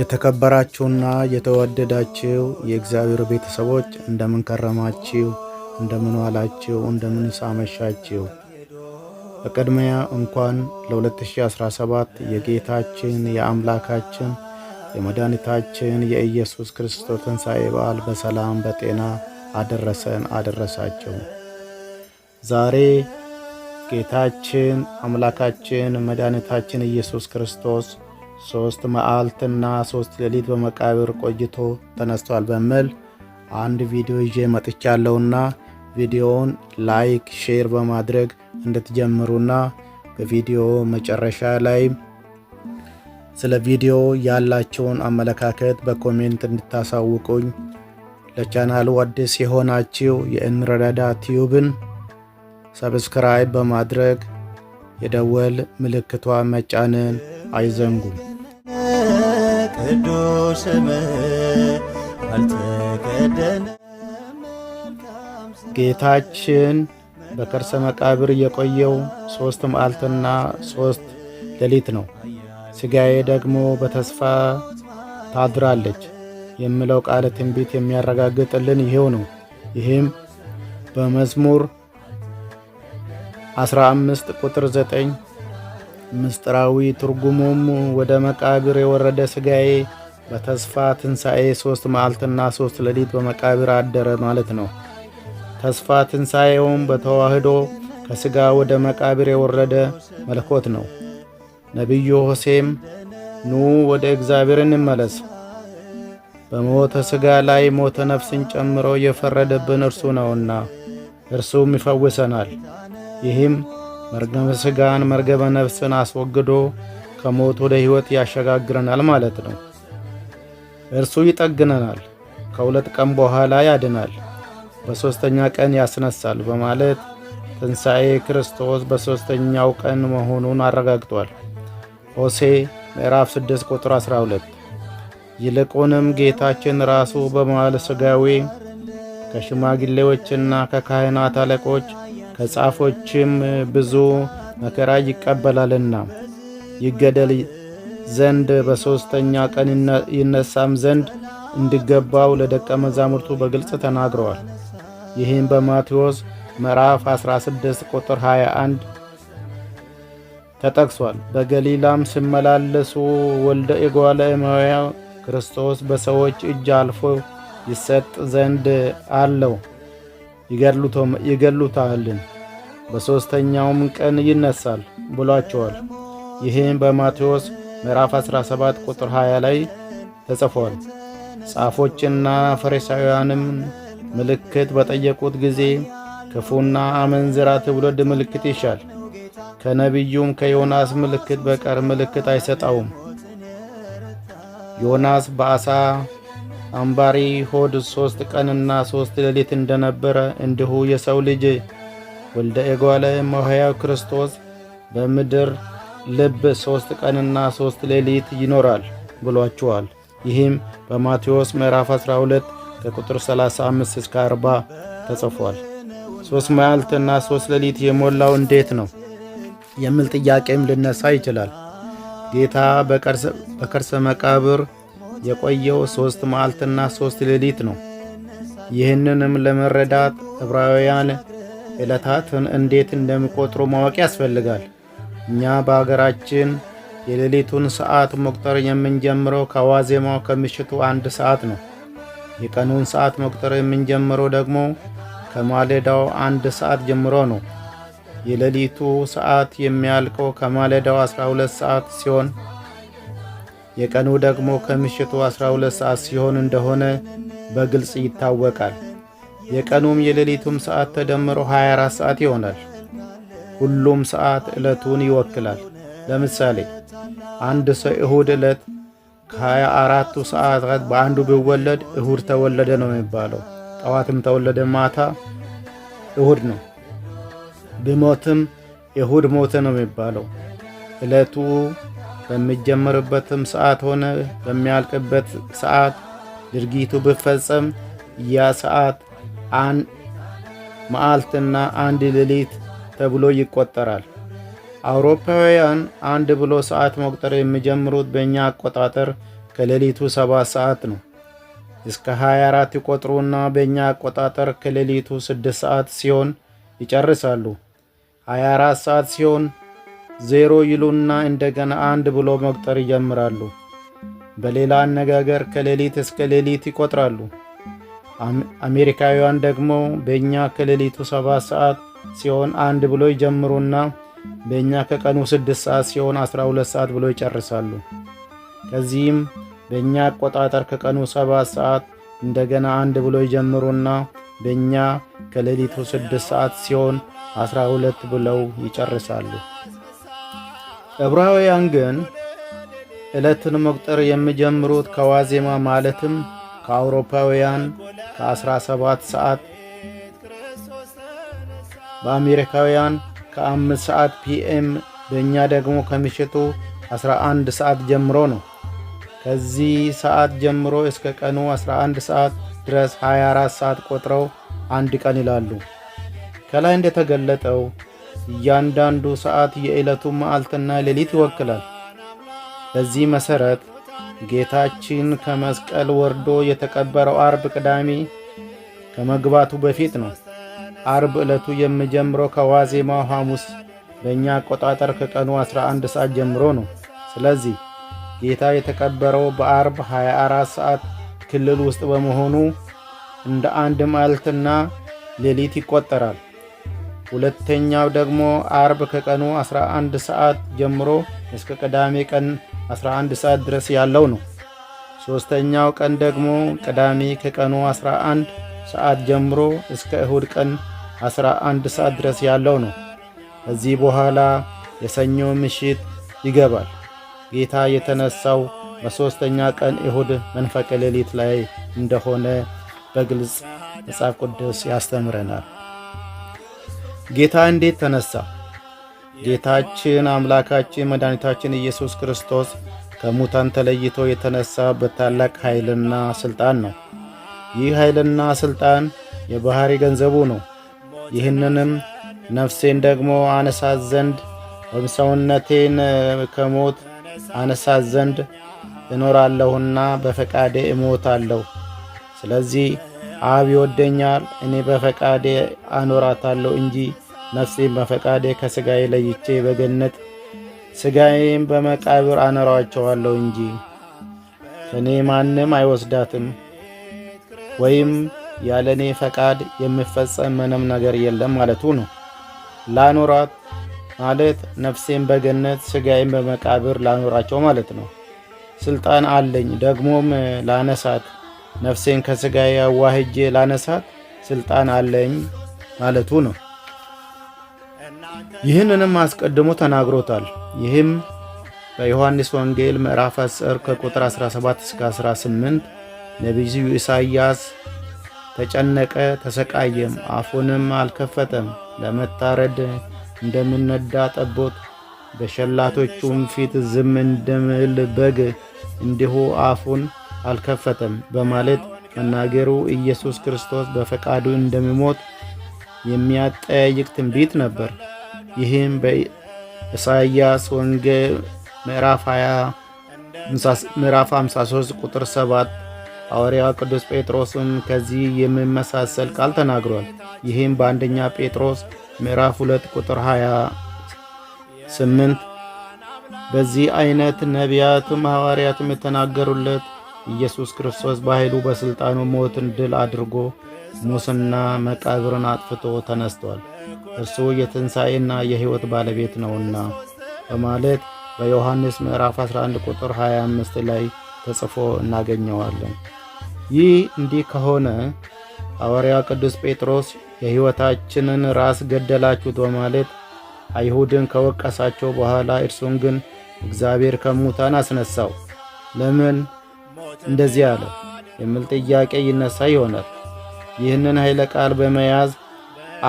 የተከበራችሁና የተወደዳችሁ የእግዚአብሔር ቤተሰቦች እንደምን ከረማችሁ? እንደምን ዋላችሁ? እንደምን ሳመሻችሁ? በቅድሚያ እንኳን ለ2017 የጌታችን የአምላካችን የመድኃኒታችን የኢየሱስ ክርስቶስ ትንሣኤ በዓል በሰላም በጤና አደረሰን አደረሳችሁ። ዛሬ ጌታችን አምላካችን መድኃኒታችን ኢየሱስ ክርስቶስ ሶስት መዓልትና ሶስት ሌሊት በመቃብር ቆይቶ ተነስቷል በሚል አንድ ቪዲዮ ይዤ መጥቻለሁና ቪዲዮውን ላይክ፣ ሼር በማድረግ እንድትጀምሩና በቪዲዮ መጨረሻ ላይ ስለ ቪዲዮ ያላቸውን አመለካከት በኮሜንት እንድታሳውቁኝ። ለቻናሉ አዲስ የሆናችሁ የእንረዳዳ ቲዩብን ሰብስክራይብ በማድረግ የደወል ምልክቷ መጫንን አይዘንጉም። ቅዱስ ጌታችን በከርሰ መቃብር የቆየው ሦስት መዓልትና ሦስት ሌሊት ነው። ሥጋዬ ደግሞ በተስፋ ታድራለች የምለው ቃለ ትንቢት የሚያረጋግጥልን ይሄው ነው። ይህም በመዝሙር 15 ቁጥር 9 ምስጢራዊ ትርጉሙም ወደ መቃብር የወረደ ሥጋዬ በተስፋ ትንሣኤ ሦስት መዓልትና ሦስት ሌሊት በመቃብር አደረ ማለት ነው። ተስፋ ትንሣኤውም በተዋህዶ ከሥጋ ወደ መቃብር የወረደ መለኮት ነው። ነቢዩ ሆሴም ኑ ወደ እግዚአብሔር እንመለስ፣ በሞተ ሥጋ ላይ ሞተ ነፍስን ጨምሮ የፈረደብን እርሱ ነውና እርሱም ይፈውሰናል። ይህም መርገመ ሥጋን መርገመ ነፍስን አስወግዶ ከሞት ወደ ሕይወት ያሸጋግረናል ማለት ነው። እርሱ ይጠግነናል፣ ከሁለት ቀን በኋላ ያድናል፣ በሦስተኛ ቀን ያስነሳል በማለት ትንሣኤ ክርስቶስ በሦስተኛው ቀን መሆኑን አረጋግጧል። ሆሴ ምዕራፍ 6 ቁጥር 12። ይልቁንም ጌታችን ራሱ በመዋዕለ ሥጋዌ ከሽማግሌዎችና ከካህናት አለቆች ከጻፎችም ብዙ መከራ ይቀበላልና ይገደል ዘንድ በሦስተኛ ቀን ይነሳም ዘንድ እንዲገባው ለደቀ መዛሙርቱ በግልጽ ተናግረዋል። ይህም በማቴዎስ ምዕራፍ 16 ቁጥር 21 ተጠቅሷል። በገሊላም ሲመላለሱ ወልደ እጓለ እመሕያው ክርስቶስ በሰዎች እጅ አልፎ ይሰጥ ዘንድ አለው፣ ይገድሉታልን በሦስተኛውም ቀን ይነሣል ብሏቸዋል። ይህም በማቴዎስ ምዕራፍ 17 ቁጥር 20 ላይ ተጽፏል። ጻፎችና ፈሪሳውያንም ምልክት በጠየቁት ጊዜ ክፉና አመንዝራ ትውልድ ምልክት ይሻል፣ ከነቢዩም ከዮናስ ምልክት በቀር ምልክት አይሰጣውም። ዮናስ በአሳ አምባሪ ሆድ ሦስት ቀንና ሦስት ሌሊት እንደነበረ እንዲሁ የሰው ልጅ ወልደ ኤጓለ እመሕያው ክርስቶስ በምድር ልብ ሦስት ቀንና ሦስት ሌሊት ይኖራል ብሏችኋል። ይህም በማቴዎስ ምዕራፍ 12 ከቁጥር 35 እስከ 40 ተጽፏል። ሦስት መዓልትና ሦስት ሌሊት የሞላው እንዴት ነው የሚል ጥያቄም ሊነሳ ይችላል። ጌታ በከርሰ መቃብር የቆየው ሦስት መዓልትና ሦስት ሌሊት ነው። ይህንንም ለመረዳት ዕብራውያን ዕለታትን እንዴት እንደሚቆጥሩ ማወቅ ያስፈልጋል። እኛ በአገራችን የሌሊቱን ሰዓት መቁጠር የምንጀምረው ከዋዜማው ከምሽቱ አንድ ሰዓት ነው። የቀኑን ሰዓት መቁጠር የምንጀምረው ደግሞ ከማለዳው አንድ ሰዓት ጀምሮ ነው። የሌሊቱ ሰዓት የሚያልቀው ከማለዳው 12 ሰዓት ሲሆን የቀኑ ደግሞ ከምሽቱ 12 ሰዓት ሲሆን እንደሆነ በግልጽ ይታወቃል። የቀኑም የሌሊቱም ሰዓት ተደምሮ 24 ሰዓት ይሆናል። ሁሉም ሰዓት ዕለቱን ይወክላል። ለምሳሌ አንድ ሰው እሁድ ዕለት ከሀያ አራቱ ሰዓታት በአንዱ ቢወለድ እሁድ ተወለደ ነው የሚባለው። ጠዋትም ተወለደ ማታ እሁድ ነው። ቢሞትም እሁድ ሞተ ነው የሚባለው። ዕለቱ በሚጀምርበትም ሰዓት ሆነ በሚያልቅበት ሰዓት ድርጊቱ ቢፈጸም ያ ሰዓት አንድ መዓልትና አንድ ሌሊት ተብሎ ይቆጠራል። አውሮፓውያን አንድ ብሎ ሰዓት መቁጠር የሚጀምሩት በእኛ አቆጣጠር ከሌሊቱ ሰ7ሰዓት ሰዓት ነው። እስከ 24 ይቆጥሩና በእኛ አቆጣጠር ከሌሊቱ 6 ሰዓት ሲሆን ይጨርሳሉ። 24 ሰዓት ሲሆን ዜሮ ይሉና እንደገና አንድ ብሎ መቁጠር ይጀምራሉ። በሌላ አነጋገር ከሌሊት እስከ ሌሊት ይቆጥራሉ። አሜሪካውያን ደግሞ በእኛ ከሌሊቱ ሰባት ሰዓት ሲሆን አንድ ብሎ ይጀምሩና በእኛ ከቀኑ ስድስት ሰዓት ሲሆን አስራ ሁለት ሰዓት ብሎ ይጨርሳሉ። ከዚህም በእኛ አቆጣጠር ከቀኑ ሰባት ሰዓት እንደገና አንድ ብሎ ይጀምሩና በእኛ ከሌሊቱ ስድስት ሰዓት ሲሆን አስራ ሁለት ብለው ይጨርሳሉ። ዕብራውያን ግን ዕለትን መቁጠር የሚጀምሩት ከዋዜማ ማለትም ከአውሮፓውያን ከ17 ሰዓት በአሜሪካውያን ከአምስት ሰዓት ፒኤም በእኛ ደግሞ ከምሽቱ 11 ሰዓት ጀምሮ ነው። ከዚህ ሰዓት ጀምሮ እስከ ቀኑ 11 ሰዓት ድረስ 24 ሰዓት ቆጥረው አንድ ቀን ይላሉ። ከላይ እንደተገለጠው እያንዳንዱ ሰዓት የዕለቱ መዓልትና ሌሊት ይወክላል። በዚህ መሠረት ጌታችን ከመስቀል ወርዶ የተቀበረው አርብ ቅዳሜ ከመግባቱ በፊት ነው። አርብ ዕለቱ የምጀምረው ከዋዜማው ሐሙስ በእኛ አቆጣጠር ከቀኑ 11 ሰዓት ጀምሮ ነው። ስለዚህ ጌታ የተቀበረው በአርብ 24 ሰዓት ክልል ውስጥ በመሆኑ እንደ አንድ ማልትና ሌሊት ይቆጠራል። ሁለተኛው ደግሞ አርብ ከቀኑ 11 ሰዓት ጀምሮ እስከ ቅዳሜ ቀን 11 ሰዓት ድረስ ያለው ነው። ሦስተኛው ቀን ደግሞ ቅዳሜ ከቀኑ 11 ሰዓት ጀምሮ እስከ እሁድ ቀን 11 ሰዓት ድረስ ያለው ነው። ከዚህ በኋላ የሰኞ ምሽት ይገባል። ጌታ የተነሳው በሦስተኛ ቀን እሁድ መንፈቀ ሌሊት ላይ እንደሆነ በግልጽ መጽሐፍ ቅዱስ ያስተምረናል። ጌታ እንዴት ተነሳ? ጌታችን አምላካችን መድኃኒታችን ኢየሱስ ክርስቶስ ከሙታን ተለይቶ የተነሳ በታላቅ ኃይልና ሥልጣን ነው። ይህ ኃይልና ሥልጣን የባሕሪ ገንዘቡ ነው። ይህንንም ነፍሴን ደግሞ አነሳት ዘንድ ወይም ሰውነቴን ከሞት አነሳት ዘንድ እኖራለሁና በፈቃዴ እሞታለሁ። ስለዚህ አብ ይወደኛል፣ እኔ በፈቃዴ አኖራታለሁ እንጂ ነፍሴን በፈቃዴ ከሥጋዬ ለይቼ በገነት ሥጋዬም በመቃብር አኖራቸዋለሁ እንጂ እኔ ማንም አይወስዳትም፣ ወይም ያለ እኔ ፈቃድ የምፈጸም ምንም ነገር የለም ማለቱ ነው። ላኖራት ማለት ነፍሴን በገነት ሥጋዬን በመቃብር ላኖራቸው ማለት ነው። ስልጣን አለኝ ደግሞም ላነሳት ነፍሴን ከሥጋዬ አዋህጄ ላነሳት ስልጣን አለኝ ማለቱ ነው። ይህንንም አስቀድሞ ተናግሮታል። ይህም በዮሐንስ ወንጌል ምዕራፍ 10 ከቁጥር 17 እስከ 18 ነቢዩ ኢሳይያስ ተጨነቀ፣ ተሰቃየም፣ አፉንም አልከፈተም፣ ለመታረድ እንደምነዳ ጠቦት፣ በሸላቶቹም ፊት ዝም እንደምል በግ እንዲሁ አፉን አልከፈተም በማለት መናገሩ ኢየሱስ ክርስቶስ በፈቃዱ እንደሚሞት የሚያጠያይቅ ትንቢት ነበር። ይህም በኢሳይያስ ወንጌል ምዕራፍ 20 ምዕራፍ 53 ቁጥር 7 ሐዋርያው ቅዱስ ጴጥሮስም ከዚህ የሚመሳሰል ቃል ተናግሯል። ይህም በአንደኛ ጴጥሮስ ምዕራፍ 2 ቁጥር 28 በዚህ አይነት ነቢያትም ሐዋርያትም የተናገሩለት ኢየሱስ ክርስቶስ በኃይሉ በሥልጣኑ ሞትን ድል አድርጎ ሙስና መቃብርን አጥፍቶ ተነስቷል። እርሱ የትንሣኤና የሕይወት ባለቤት ነውና በማለት በዮሐንስ ምዕራፍ 11 ቁጥር 25 ላይ ተጽፎ እናገኘዋለን። ይህ እንዲህ ከሆነ ሐዋርያ ቅዱስ ጴጥሮስ የሕይወታችንን ራስ ገደላችሁት በማለት አይሁድን ከወቀሳቸው በኋላ እርሱን ግን እግዚአብሔር ከሙታን አስነሳው ለምን እንደዚህ አለ የሚል ጥያቄ ይነሳ ይሆናል። ይህንን ኃይለ ቃል በመያዝ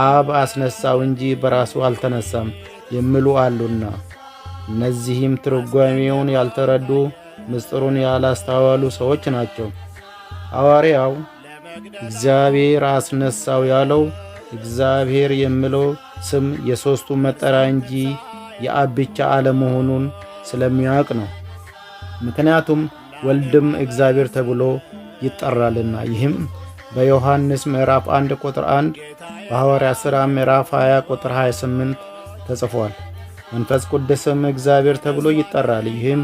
አብ አስነሳው እንጂ በራሱ አልተነሳም የሚሉ አሉና፣ እነዚህም ትርጓሜውን ያልተረዱ ምስጢሩን ያላስተዋሉ ሰዎች ናቸው። ሐዋርያው እግዚአብሔር አስነሳው ያለው እግዚአብሔር የሚለው ስም የሦስቱ መጠሪያ እንጂ የአብ ብቻ አለመሆኑን ስለሚያውቅ ነው። ምክንያቱም ወልድም እግዚአብሔር ተብሎ ይጠራልና ይህም በዮሐንስ ምዕራፍ 1 ቁጥር 1 በሐዋርያ ሥራ ምዕራፍ 20 ቁጥር 28 ተጽፏል። መንፈስ ቅዱስም እግዚአብሔር ተብሎ ይጠራል። ይህም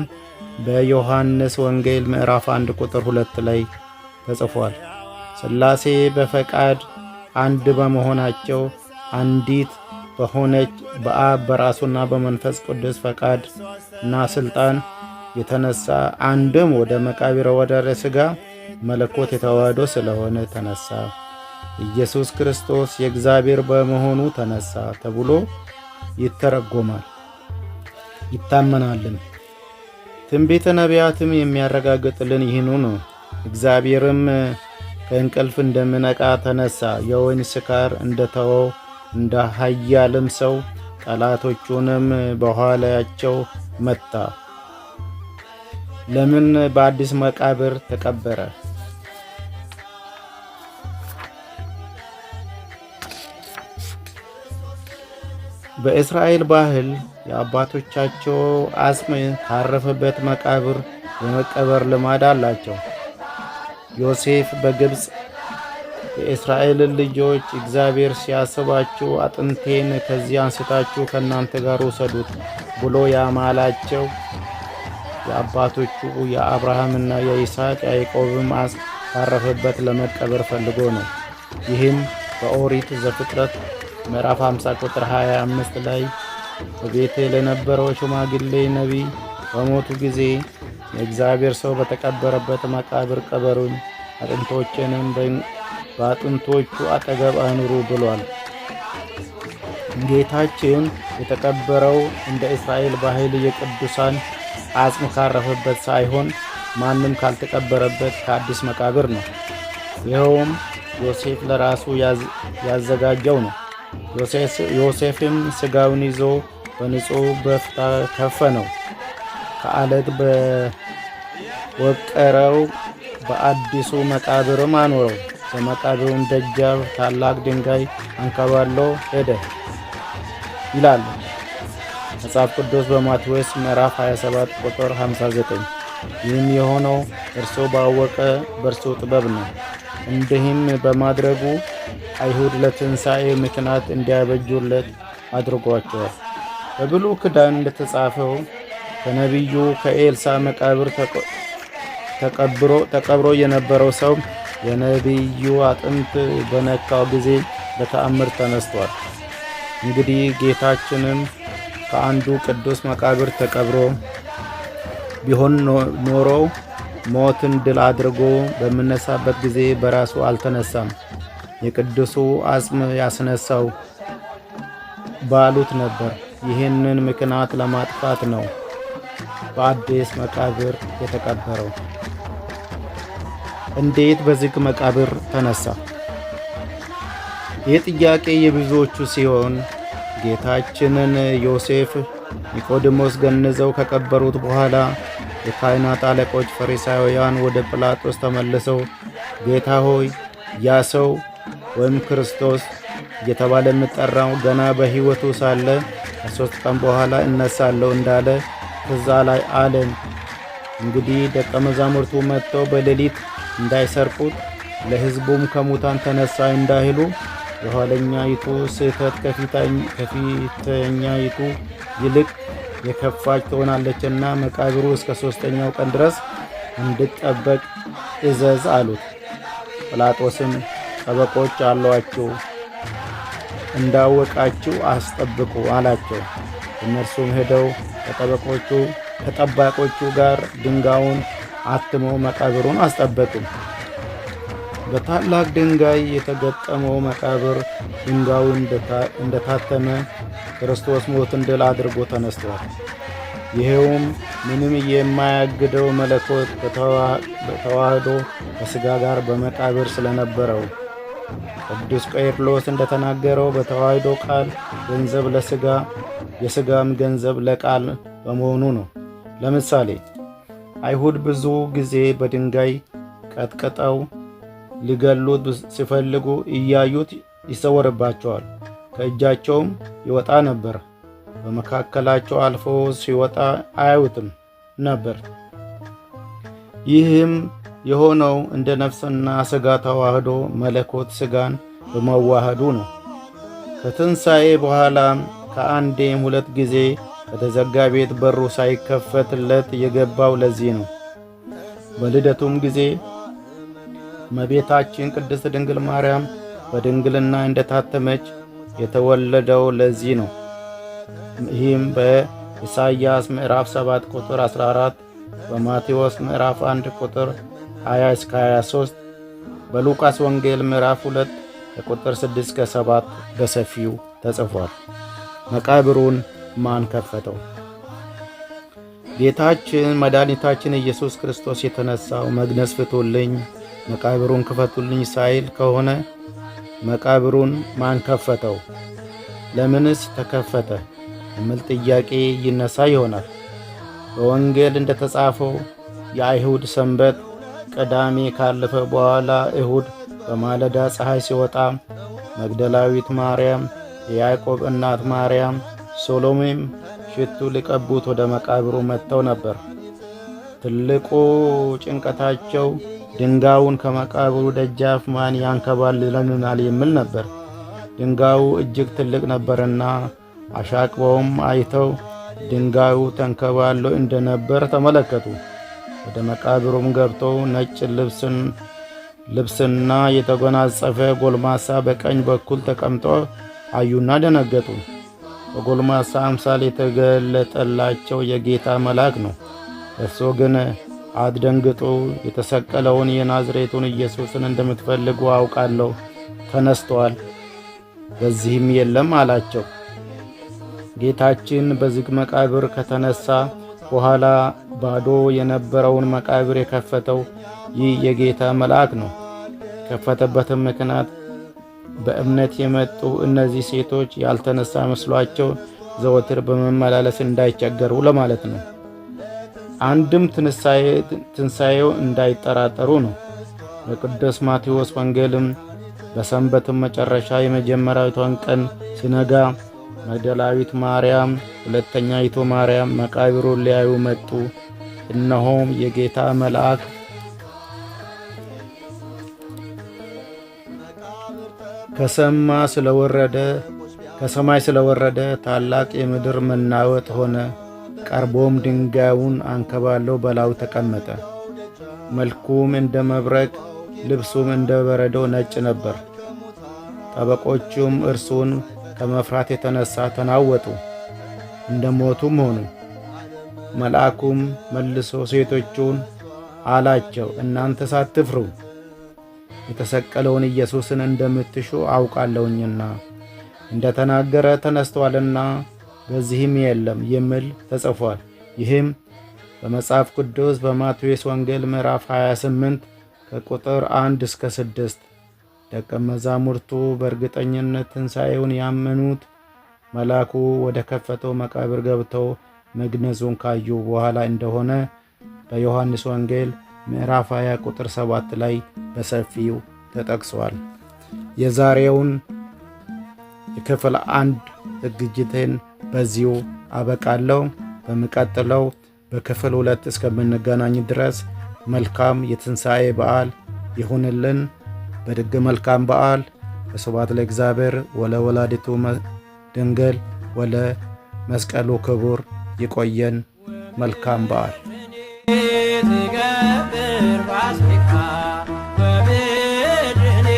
በዮሐንስ ወንጌል ምዕራፍ 1 ቁጥር 2 ላይ ተጽፏል። ሥላሴ በፈቃድ አንድ በመሆናቸው አንዲት በሆነች በአብ በራሱና በመንፈስ ቅዱስ ፈቃድ እና ሥልጣን የተነሳ አንድም ወደ መቃብረ ወደ ሥጋ መለኮት የተዋህዶ ስለሆነ ተነሳ። ኢየሱስ ክርስቶስ የእግዚአብሔር በመሆኑ ተነሳ ተብሎ ይተረጎማል ይታመናልም። ትንቢተ ነቢያትም የሚያረጋግጥልን ይህኑ ነው። እግዚአብሔርም ከእንቅልፍ እንደምነቃ ተነሳ፣ የወይን ስካር እንደተወው እንደ ኃያልም ሰው ጠላቶቹንም በኋላያቸው መታ። ለምን በአዲስ መቃብር ተቀበረ? በእስራኤል ባህል የአባቶቻቸው አጽም ካረፈበት መቃብር የመቀበር ልማድ አላቸው። ዮሴፍ በግብፅ የእስራኤልን ልጆች እግዚአብሔር ሲያስባችሁ አጥንቴን ከዚህ አንስታችሁ ከእናንተ ጋር ውሰዱት ብሎ ያማላቸው የአባቶቹ የአብርሃምና የይስሐቅ ያዕቆብም አጽም ካረፈበት ለመቀበር ፈልጎ ነው። ይህም በኦሪት ዘፍጥረት ምዕራፍ 50 ቁጥር 25 ላይ በቤት ለነበረው ሽማግሌ ነቢይ በሞቱ ጊዜ የእግዚአብሔር ሰው በተቀበረበት መቃብር ቀበሩኝ፣ አጥንቶችንም በአጥንቶቹ አጠገብ አኑሩ ብሏል። ጌታችን የተቀበረው እንደ እስራኤል ባህል የቅዱሳን አጽም ካረፈበት ሳይሆን ማንም ካልተቀበረበት ከአዲስ መቃብር ነው። ይኸውም ዮሴፍ ለራሱ ያዘጋጀው ነው። ዮሴፍም ሥጋውን ይዞ በንጹሕ በፍታ ከፈነው፣ ከአለት በወቀረው በአዲሱ መቃብርም አኖረው። በመቃብሩም ደጃፍ ታላቅ ድንጋይ አንከባሎ ሄደ ይላል መጽሐፍ ቅዱስ በማቴዎስ ምዕራፍ 27 ቁጥር 59። ይህም የሆነው እርሱ ባወቀ በእርሱ ጥበብ ነው። እንዲህም በማድረጉ አይሁድ ለትንሣኤ ምክንያት እንዲያበጁለት አድርጓቸዋል። በብሉይ ኪዳን እንደተጻፈው ከነቢዩ ከኤልሳ መቃብር ተቀብሮ ተቀብሮ የነበረው ሰው የነቢዩ አጥንት በነካው ጊዜ በተአምር ተነስቷል። እንግዲህ ጌታችንም ከአንዱ ቅዱስ መቃብር ተቀብሮ ቢሆን ኖሮ ሞትን ድል አድርጎ በምነሳበት ጊዜ በራሱ አልተነሳም። የቅዱሱ አጽም ያስነሳው ባሉት ነበር። ይህንን ምክንያት ለማጥፋት ነው በአዲስ መቃብር የተቀበረው። እንዴት በዝግ መቃብር ተነሳ? ይህ ጥያቄ የብዙዎቹ ሲሆን ጌታችንን ዮሴፍ፣ ኒቆዲሞስ ገንዘው ከቀበሩት በኋላ የካህናት አለቆች ፈሪሳውያን ወደ ጲላጦስ ተመልሰው ጌታ ሆይ ያ ሰው ወይም ክርስቶስ እየተባለ የምጠራው ገና በሕይወቱ ሳለ ከሦስት ቀን በኋላ እነሳለሁ እንዳለ ላይ አለን። እንግዲህ ደቀ መዛሙርቱ መጥተው በሌሊት እንዳይሰርቁት ለሕዝቡም ከሙታን ተነሳ እንዳይሉ የኋለኛይቱ ስህተት ከፊተኛይቱ ይልቅ የከፋች ትሆናለችና መቃብሩ እስከ ሦስተኛው ቀን ድረስ እንድጠበቅ እዘዝ አሉት። ጲላጦስም ጠበቆች አሏችሁ፣ እንዳወቃችሁ አስጠብቁ አላቸው። እነርሱም ሄደው ከጠበቆቹ ከጠባቆቹ ጋር ድንጋዩን አትመው መቃብሩን አስጠበቁ። በታላቅ ድንጋይ የተገጠመው መቃብር ድንጋዩ እንደታተመ ክርስቶስ ሞትን ድል አድርጎ ተነስቷል። ይሄውም ምንም የማያግደው መለኮት በተዋህዶ ከሥጋ ጋር በመቃብር ስለነበረው ቅዱስ ቄርሎስ እንደተናገረው በተዋህዶ ቃል ገንዘብ ለሥጋ የሥጋም ገንዘብ ለቃል በመሆኑ ነው። ለምሳሌ አይሁድ ብዙ ጊዜ በድንጋይ ቀጥቅጠው ሊገሉት ሲፈልጉ እያዩት ይሰወርባቸዋል፣ ከእጃቸውም ይወጣ ነበር። በመካከላቸው አልፎ ሲወጣ አያዩትም ነበር። ይህም የሆነው እንደ ነፍስና ሥጋ ተዋህዶ መለኮት ሥጋን በመዋህዱ ነው። ከትንሣኤ በኋላም ከአንዴም ሁለት ጊዜ ከተዘጋ ቤት በሩ ሳይከፈትለት የገባው ለዚህ ነው። በልደቱም ጊዜ እመቤታችን ቅድስት ድንግል ማርያም በድንግልና እንደታተመች የተወለደው ለዚህ ነው። ይህም በኢሳይያስ ምዕራፍ 7 ቁጥር 14 በማቴዎስ ምዕራፍ 1 ቁጥር 20 እስከ 23 በሉቃስ ወንጌል ምዕራፍ 2 ከቁጥር 6 እስከ 7 በሰፊው ተጽፏል። መቃብሩን ማን ከፈተው? ጌታችን መድኃኒታችን ኢየሱስ ክርስቶስ የተነሳው መግነዝ ፍቱልኝ፣ መቃብሩን ክፈቱልኝ ሳይል ከሆነ መቃብሩን ማን ከፈተው? ለምንስ ተከፈተ? የሚል ጥያቄ ይነሳ ይሆናል። በወንጌል እንደተጻፈው የአይሁድ ሰንበት ቅዳሜ ካለፈ በኋላ እሁድ በማለዳ ፀሐይ ሲወጣ መግደላዊት ማርያም፣ የያዕቆብ እናት ማርያም፣ ሶሎሜም ሽቱ ሊቀቡት ወደ መቃብሩ መጥተው ነበር። ትልቁ ጭንቀታቸው ድንጋዩን ከመቃብሩ ደጃፍ ማን ያንከባልለናል የሚል ነበር። ድንጋዩ እጅግ ትልቅ ነበርና አሻቅበውም አይተው ድንጋዩ ተንከባሎ እንደነበር ተመለከቱ። ወደ መቃብሩም ገብቶ ነጭ ልብስን ልብስና የተጎናጸፈ ጎልማሳ በቀኝ በኩል ተቀምጦ አዩና ደነገጡ። በጎልማሳ አምሳል የተገለጠላቸው የጌታ መልአክ ነው። እርሶ ግን አትደንግጡ፣ የተሰቀለውን የናዝሬቱን ኢየሱስን እንደምትፈልጉ አውቃለሁ፣ ተነስተዋል፣ በዚህም የለም አላቸው። ጌታችን በዝግ መቃብር ከተነሳ በኋላ ባዶ የነበረውን መቃብር የከፈተው ይህ የጌታ መልአክ ነው። የከፈተበትም ምክንያት በእምነት የመጡ እነዚህ ሴቶች ያልተነሳ መስሏቸው ዘወትር በመመላለስ እንዳይቸገሩ ለማለት ነው። አንድም ትንሣኤው እንዳይጠራጠሩ ነው። በቅዱስ ማቴዎስ ወንጌልም በሰንበትም መጨረሻ የመጀመሪያዊቷን ቀን ሲነጋ መግደላዊት ማርያም፣ ሁለተኛይቱ ማርያም መቃብሩን ሊያዩ መጡ እነሆም የጌታ መልአክ ከሰማ ስለወረደ ከሰማይ ስለወረደ ታላቅ የምድር መናወጥ ሆነ። ቀርቦም ድንጋዩን አንከባለው በላዩ ተቀመጠ። መልኩም እንደ መብረቅ፣ ልብሱም እንደ በረዶ ነጭ ነበር። ጠበቆቹም እርሱን ከመፍራት የተነሳ ተናወጡ፣ እንደ ሞቱም ሆኑ። መልአኩም መልሶ ሴቶቹን አላቸው፣ እናንተ ሳትፍሩ የተሰቀለውን ኢየሱስን እንደምትሹ አውቃለሁኝና እንደ ተናገረ ተነስቶአልና በዚህም የለም የሚል ተጽፏል። ይህም በመጽሐፍ ቅዱስ በማቴዎስ ወንጌል ምዕራፍ 28 ከቁጥር 1 እስከ 6። ደቀ መዛሙርቱ በእርግጠኝነት ትንሣኤውን ያመኑት መልአኩ ወደ ከፈተው መቃብር ገብተው መግነዙን ካዩ በኋላ እንደሆነ በዮሐንስ ወንጌል ምዕራፍ 20 ቁጥር 7 ላይ በሰፊው ተጠቅሷል። የዛሬውን የክፍል አንድ ዝግጅትን በዚሁ አበቃለሁ። በሚቀጥለው በክፍል ሁለት እስከምንገናኝ ድረስ መልካም የትንሣኤ በዓል ይሁንልን። በድግ መልካም በዓል። ስብሐት ለእግዚአብሔር ወለወላዲቱ ድንግል ወለ መስቀሉ ክቡር ይቆየን። መልካም በዓል